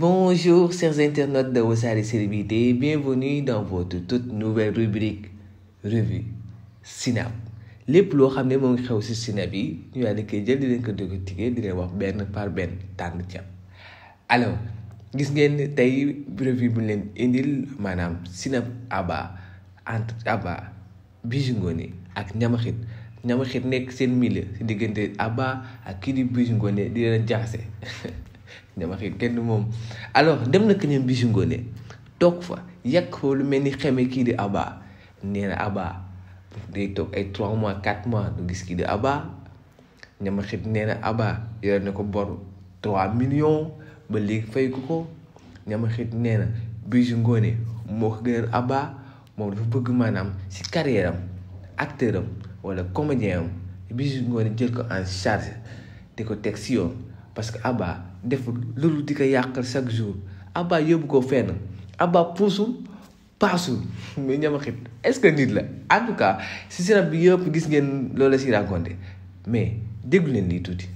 Bonjour chers internautes de Osar et Célébrités, bienvenue dans votre toute nouvelle rubrique revue Synap lépp loo xam ne moo ngi xew si Synap yi ñu daal di koy jël di leen ko déglu tigé di leen wax benn par Ben tànn ceeb alors gis ngeen tey revue bu leen indil maanaam Synap Aba entre Aba Bijou Ngoné ak Ñamaxit Ñamaxit que seen milieu si diggante Aba ak kii di Bijou Ngoné di leen jaxase dama xiir kenn moom alors dem na këñam Bijou Ngoné toog fa yàq fa lu mel ni xeme kii di Abba nee na Abba day toog ay 3 mois 4 mois du gis kii di Abba ñama xit nee na Abba yore na ko bor 3 millions ba léegi fay ko ko ñama xit nee na Bijou Ngoné moo ko gënal Abba moom dafa bëgg maanaam si carrière acteuram acteur am wala comédien am Bijou Ngoné jël ko en charge di ko teg si yoon parce que Abba deful loolu di ko yàq chaque jour Abba yóbbu ko fenn Abba puusul paasul mais ñama xit ce que nit la en tout cas si sirab bi yëpp gis ngeen loolu la si raconté mais déglu leen lii tuuti.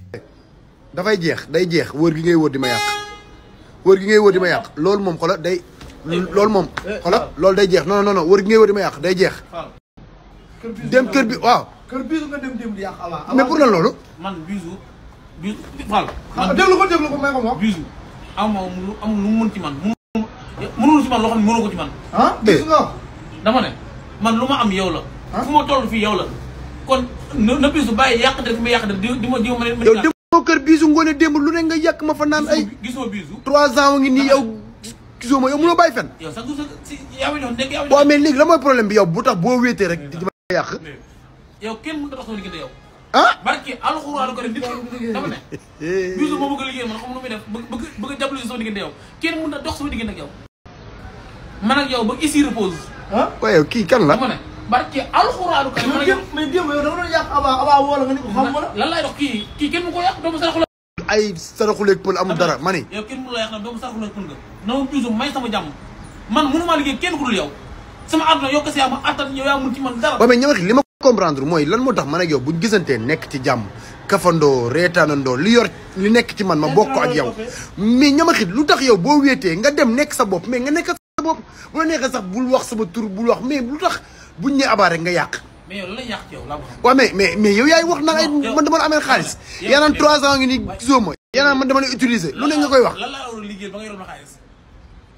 dafay jeex day jeex wër gi ngay wóor di ma yàq wóor gi ngay wóor di ma yàq loolu moom xoolal day. loolu moom xoolal loolu day jeex non non wër wóor gi ngay wóor di ma yàq day jeex. dem kër bi waaw. kër bisu nga mais pour lan loolu. bisu Fall. Ah, man déglu ko déglu ko may ko moom. bisu am amul lu mu mën ci man mënu mënul ci man loo xam ne mënoo ko ci man. ah bisu nga dama ne man lu ma am yow la. Ah. fu ma toll fii yow la kon na bisu bàyyi yàq dara fi ma yàq dara di di ma di ma. yow demoo kër bisu ngoone démb lu ne nga yàq ma fa naan ay. gisoo bisu. trois ans ngi nii yow. gisoo ma yow mënoo bàyyi fen. yow sax du si yaa ngi doon nekk yaa ngi doon. waaw mais léegi lan mooy problème bi yow bu tax boo wéetee rek di ma yàq. yow kenn mënut a dox sama diggante yow ah barki alxuraan ko def nit dama ne bisu moo bëgg a liggéey man xam nu def bëgg bëgg a jàppale sama diggante yow kenn mën dox sama diggante ak yow man ak ba ici repose kii kan la dama ne barki alxuraan ko mais aba aba nga ni ko xam wala lan laay dox kii kii kenn mu ko yàq doomu saraxu la ay saraxuleeg pël amul dara ma ne yow kenn mënu la yàq nag doomu saraxuleeg pël nga na ma may sama jàmm man mënumaa liggéey kenn ku dul yow sama àdduna yow kese yaa ma attan yow yaa mun ci man dara. waaw mais ñoom li ma comprendre mooy lan li yor li nekk ci man ma bokk ak yow mais ñoom ak lu yow boo wéetee nga dem nekk sa bopp mais nga nekk sa bopp bu la neexee sax bul wax sama tur bul wax mais lu tax buñ ne abaa rek nga yàq. mais yow la yàq yow la waaw mais mais mais yow yaay wax na man dama la amee xaalis yaa naan ans ngi nii gisoo ma yaa man dama la utiliser lu ne nga koy wax. lan laa war a ba nga yor ma xaalis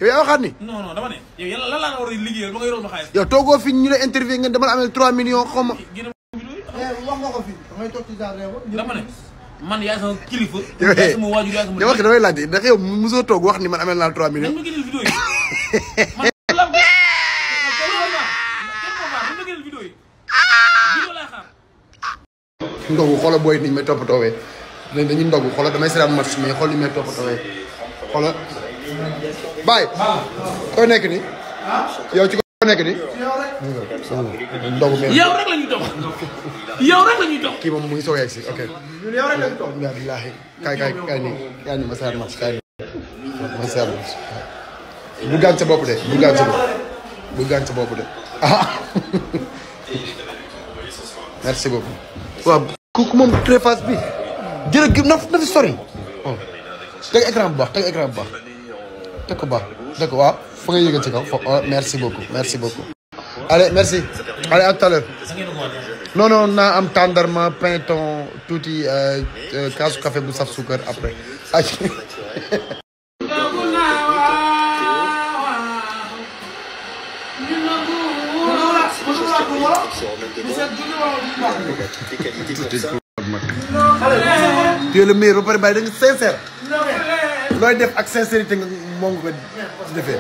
yow yaa waxaat ni. non a liggéeyal ba nga yoroon ma xaalis. yow toogoo fi ñu ne interview ngeen dama la amee 3 millions xaw ma. wax nga ko fi damay toog ci dama man yaay sama kilifa. yaay millions. ndogu xoolal booy it ni ñu may damay seetaan match mais xool ni ñu may toppatoowee xoolal. Baye. koo nekk ni yow ci koo nekk ni yow rek la kii moom mu ngi soog a yegg si ok. yow la ñuy kay kay kay ni ma seetlu ma si kay nii ma seetlu de bu gaañ sa bopp bu gaañ merci beaucoup. waaw kooku bi jërëjëf na na fi sori. Oh. teg écran bu baax teg écran bu baax. Oh, merci beaucoup merci beaucoup allez merci allez à tout à l'heure non non am tendrement tout, euh, euh café bu après Tu es le meilleur moo ngi ko defee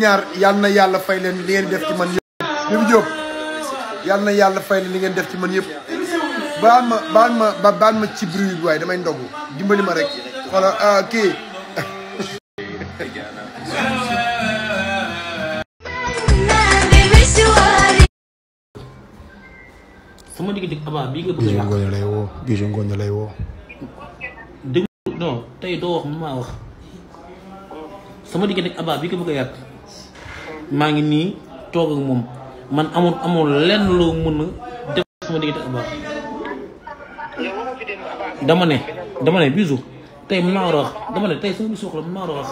ñaar yal na yàlla fay leen li ngeen def ci man yëpp yal na yàlla fay leen li ngeen def ci man yëpp baal ma baal ma baal ma ci bruit bi waaye damay ndogu dimbali ma rek xoola ah, kii sama digg Aba bii nga bëgg a. lay woo Bijou lay woo. tey doo wax mu maa wax. suma diggee ak Abba bi ko bëgg a yàq maa ngi nii toog ak moom man amul amul lenn loo mën a def sama diggante ak Abba dama ne dama ne bisu tey mën naa war a wax dama ne tey sama bisu wax la mën naa war a wax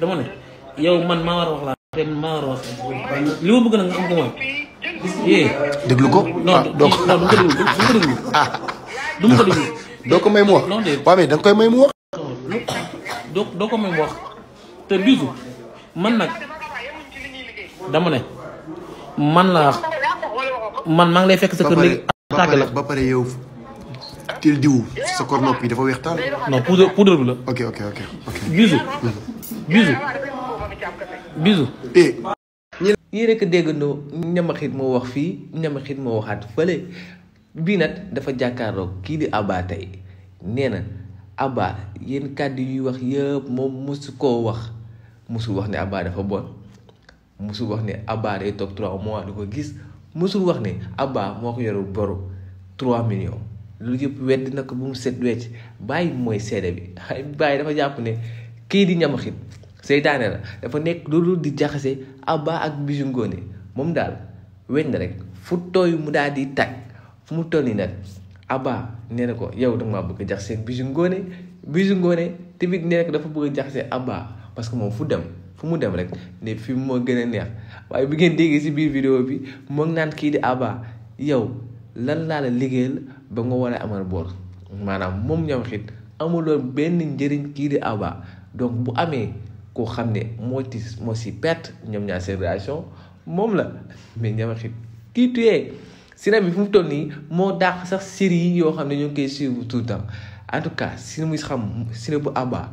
dama ne yow man maa war a wax laa tey maa war a wax li ma bëgg nag nga am ko mooy yee déglu ko non ah, doo ko déglu du ma ko doo ko may mu wax non mais da nga koy may mu wax doo ko may mu wax te liisu man nak dama ne man la man mang lay fekk sa keur léegi. attaqué la ba pare yow til diw sa kor nopi dafa wex tal non poudre poudre la. ok ok ok ok. bisu. bisu. bisu. eh. yii rek no ñama xit mo wax fi ñama xit mo waxat fele bi nat dafa jàkkaarloo ki di abatay neena aba na kaddu yu wax yeb mom mosu koo wax. mosul wax ne Abba dafa bon mosul wax ne Abba day toog 3 mois du ko gis mosul wax ne Abba moo ko yorul boru 3 millions loolu yëpp wedd na ko bu mu set wecc bàyyi mooy seede bi bàyyi dafa jàpp ne kii di ñamaxit seytaane la dafa nekk loolu di jaxase Abba ak Bijou ngoone moom daal weñ rek fu tooy mu daal di tàgg fu mu toll nii nag Abba nee na ko yow danga maa bëgg a jaxase Bijou Ngoné ngoone Ngoné tamit nee na ko dafa bëgg a jaxase Abba parce que moom fu dem fu mu dem rek ne fi moo gën a neex waaye bi ngeen déggee si biir vidéo bi moom naan kii di Abba yow lan laa la liggéeyal ba nga war a amal boor maanaam moom ñoom xit amuloon benn njëriñ kii di Abba donc bu amee koo xam ne moo ci moo si perte ñoom ñaar seen relation moom la mais ñoom xit kii tuyee cinéma bi fu mu toll nii moo dàq sax série yi yoo xam ne ñoo ngi koy suivre tout le temps en tout cas si bu Abba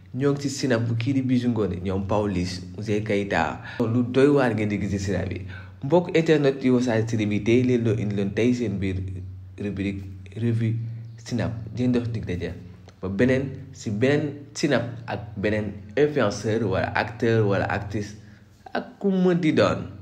ñoo ngi ci sina bu kii di Bijou Ngoné ñoom Pawlish Ouzin Keita lu doy waar ngeen di gis ci sina bi mbokk internet yu Wassare Série bi tey leen loo tey seen biir rubrique revue Snap deen dox dig ba beneen si beneen Snap ak beneen influenceur wala acteur wala actrice ak ku mën di doon